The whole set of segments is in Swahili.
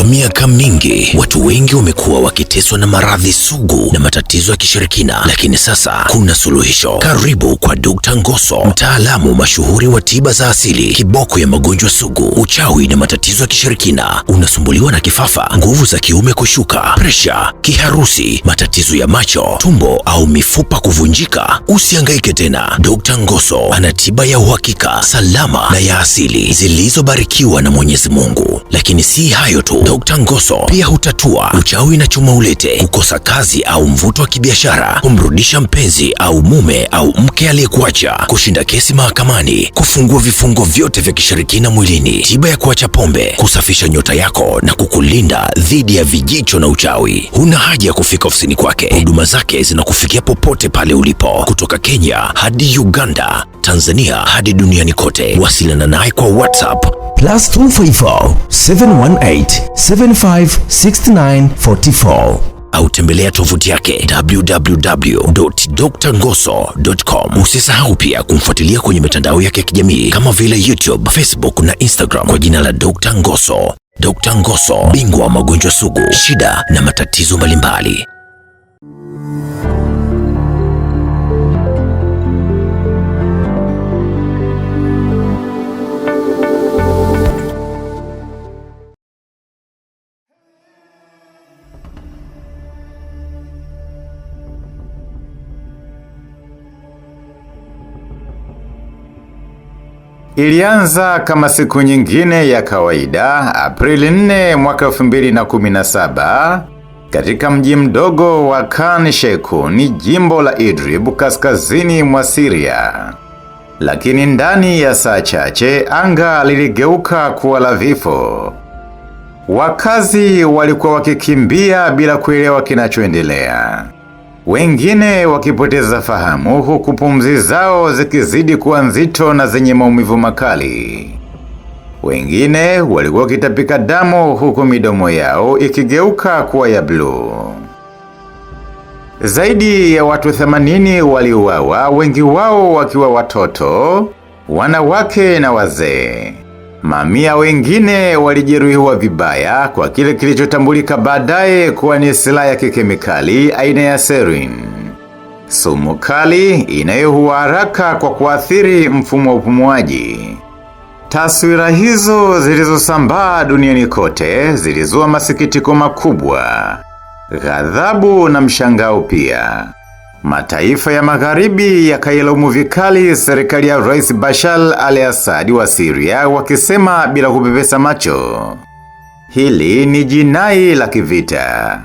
Kwa miaka mingi watu wengi wamekuwa wakiteswa na maradhi sugu na matatizo ya kishirikina, lakini sasa kuna suluhisho. Karibu kwa Dr. Ngoso, mtaalamu mashuhuri wa tiba za asili, kiboko ya magonjwa sugu, uchawi na matatizo ya kishirikina. Unasumbuliwa na kifafa, nguvu za kiume kushuka, presha, kiharusi, matatizo ya macho, tumbo au mifupa kuvunjika? Usihangaike tena. Dr. Ngoso ana tiba ya uhakika, salama na ya asili zilizobarikiwa na Mwenyezi Mungu. Lakini si hayo tu Dr. Ngoso pia hutatua uchawi na chuma ulete, kukosa kazi au mvuto wa kibiashara, kumrudisha mpenzi au mume au mke aliyekuacha, kushinda kesi mahakamani, kufungua vifungo vyote vya kishirikina mwilini, tiba ya kuacha pombe, kusafisha nyota yako na kukulinda dhidi ya vijicho na uchawi. Huna haja ya kufika ofisini kwake, huduma zake zinakufikia popote pale ulipo, kutoka Kenya hadi Uganda, Tanzania hadi duniani kote. Wasiliana naye kwa WhatsApp plus 254 718 756944 au tembelea tovuti yake www.drngoso.com. Usisahau pia kumfuatilia kwenye mitandao yake ya kijamii kama vile YouTube, Facebook na Instagram kwa jina la Dr. Ngoso. Dr. Ngoso, bingwa wa magonjwa sugu, shida na matatizo mbalimbali. Ilianza kama siku nyingine ya kawaida Aprili 4 mwaka 2017 katika mji mdogo wa Khan ni jimbo la Idlib, kaskazini mwa Syria. Lakini ndani ya saa chache anga liligeuka kuwa la vifo. Wakazi walikuwa wakikimbia bila kuelewa kinachoendelea wengine wakipoteza fahamu huku pumzi zao zikizidi kuwa nzito na zenye maumivu makali. Wengine walikuwa wakitapika damu huku midomo yao ikigeuka kuwa ya bluu. Zaidi ya watu 80 waliuawa, wengi wao wakiwa watoto, wanawake na wazee. Mamia wengine walijeruhiwa vibaya kwa kile kilichotambulika baadaye kuwa ni silaha ya kikemikali aina ya sarin, sumu kali inayohua haraka kwa kuathiri mfumo wa upumuaji. Taswira hizo zilizosambaa duniani kote zilizua masikitiko makubwa, ghadhabu na mshangao pia. Mataifa ya Magharibi kailomu vikali serikali ya Rais Bashar al-Assad wa Syria wakisema bila kupepesa macho, hili ni jinai la kivita.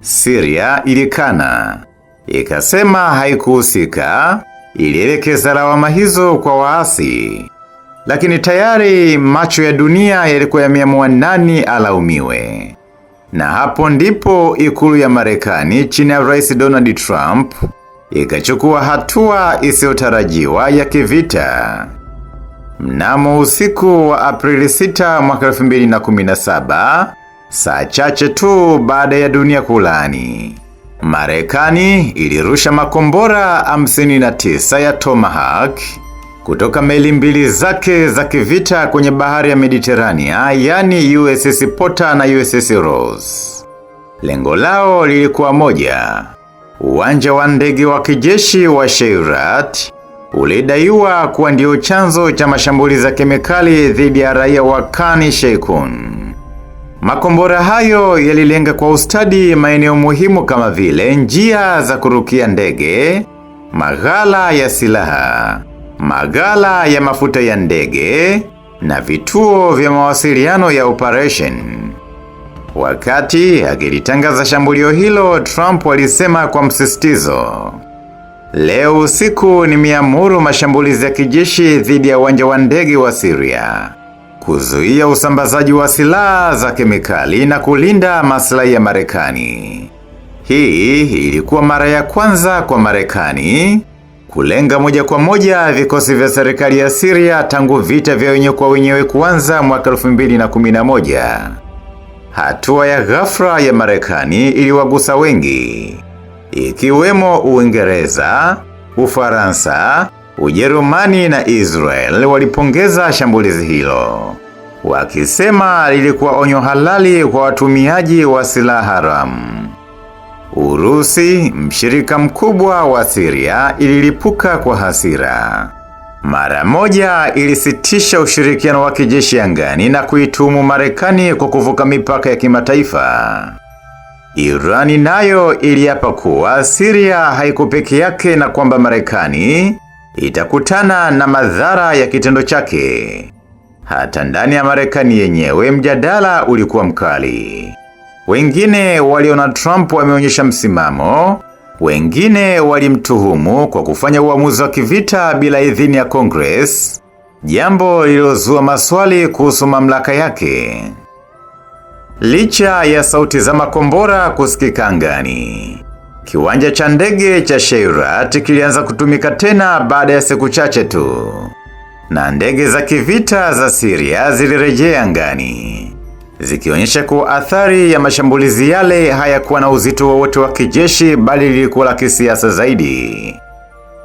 Syria ilikana, ikasema haikuhusika, ilielekeza lawama hizo kwa waasi. Lakini tayari macho ya dunia yalikuwa yameamua nani alaumiwe. Na hapo ndipo ikulu ya Marekani chini ya Rais Donald Trump ikachukua hatua isiyotarajiwa ya kivita. Mnamo usiku wa Aprili 6 mwaka 2017, saa chache tu baada ya dunia kulani, Marekani ilirusha makombora 59 ya Tomahawk kutoka meli mbili zake za kivita kwenye bahari ya Mediterania, yani USS Porter na USS Rose. Lengo lao lilikuwa moja: uwanja wa ndege wa kijeshi wa Sheirat ulidaiwa kuwa ndio chanzo cha mashambulizi ya kemikali dhidi ya raia wa Khan Sheikhoun. Makombora hayo yalilenga kwa ustadi maeneo muhimu kama vile njia za kurukia ndege, maghala ya silaha, magala ya mafuta ya ndege na vituo vya mawasiliano ya operation. Wakati akilitangaza shambulio hilo, Trump alisema kwa msisitizo, leo usiku nimeamuru mashambulizi ya kijeshi dhidi ya uwanja wa ndege wa Syria kuzuia usambazaji wa silaha za kemikali na kulinda maslahi ya Marekani. Hii ilikuwa mara ya kwanza kwa Marekani kulenga moja kwa moja vikosi vya serikali ya Syria tangu vita vya wenyewe kwa wenyewe kuanza mwaka 2011. Hatua ya ghafla ya Marekani iliwagusa wengi, ikiwemo Uingereza, Ufaransa, Ujerumani na Israel walipongeza shambulizi hilo, wakisema lilikuwa onyo halali kwa watumiaji wa silaha haramu. Urusi, mshirika mkubwa wa Siria, ililipuka kwa hasira. Mara moja ilisitisha ushirikiano wa kijeshi angani na kuitumu Marekani kwa kuvuka mipaka ya kimataifa. Irani nayo iliapa kuwa Siria haiko peke yake na kwamba Marekani itakutana na madhara ya kitendo chake. Hata ndani ya Marekani yenyewe mjadala ulikuwa mkali. Wengine waliona Trump wameonyesha msimamo, wengine walimtuhumu kwa kufanya uamuzi wa kivita bila idhini ya Congress, jambo lilozua maswali kuhusu mamlaka yake. Licha ya sauti za makombora kusikika angani, kiwanja cha ndege cha Sheirat kilianza kutumika tena baada ya siku chache tu, na ndege za kivita za Siria zilirejea angani zikionyesha kuwa athari ya mashambulizi yale hayakuwa na uzito wowote wa kijeshi bali lilikuwa la kisiasa zaidi.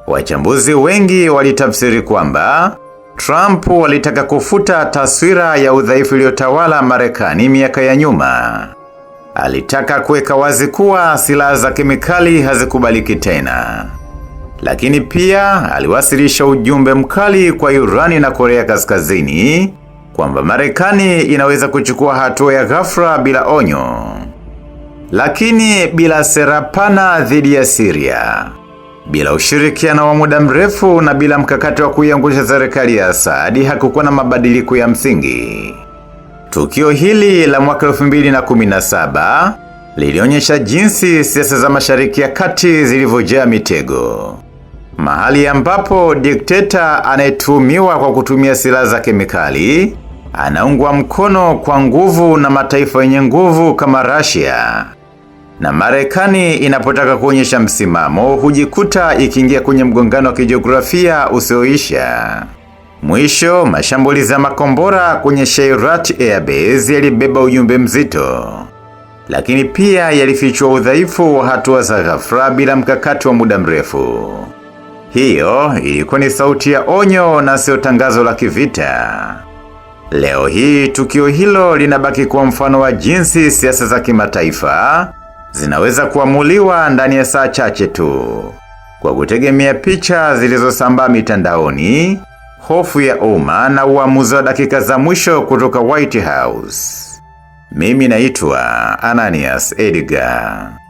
Wachambuzi wengi walitafsiri kwamba Trump walitaka kufuta taswira ya udhaifu iliyotawala Marekani miaka ya nyuma. Alitaka kuweka wazi kuwa silaha za kemikali hazikubaliki tena. Lakini pia aliwasilisha ujumbe mkali kwa Irani na Korea Kaskazini kwamba Marekani inaweza kuchukua hatua ya ghafla bila onyo, lakini bila sera pana dhidi ya Siria, bila ushirikiano wa muda mrefu na bila mkakati wa kuiangusha serikali ya Asadi, hakukuwa na mabadiliko ya msingi. Tukio hili la mwaka 2017 lilionyesha jinsi siasa za Mashariki ya Kati zilivyojaa mitego mahali ambapo dikteta anayetuhumiwa kwa kutumia silaha za kemikali anaungwa mkono kwa nguvu na mataifa yenye nguvu kama Russia. Na Marekani inapotaka kuonyesha msimamo hujikuta ikiingia kwenye mgongano wa kijiografia usioisha. Mwisho, mashambulizi ya makombora kwenye Shayrat Airbase yalibeba ujumbe mzito, lakini pia yalifichua udhaifu wa hatua za ghafla bila mkakati wa muda mrefu. Hiyo ilikuwa ni sauti ya onyo na sio tangazo la kivita. Leo hii tukio hilo linabaki kuwa mfano wa jinsi siasa za kimataifa zinaweza kuamuliwa ndani ya saa chache tu kwa kutegemea picha zilizosambaa mitandaoni, hofu ya umma na uamuzi wa dakika za mwisho kutoka White House. Mimi naitwa Ananias Edgar.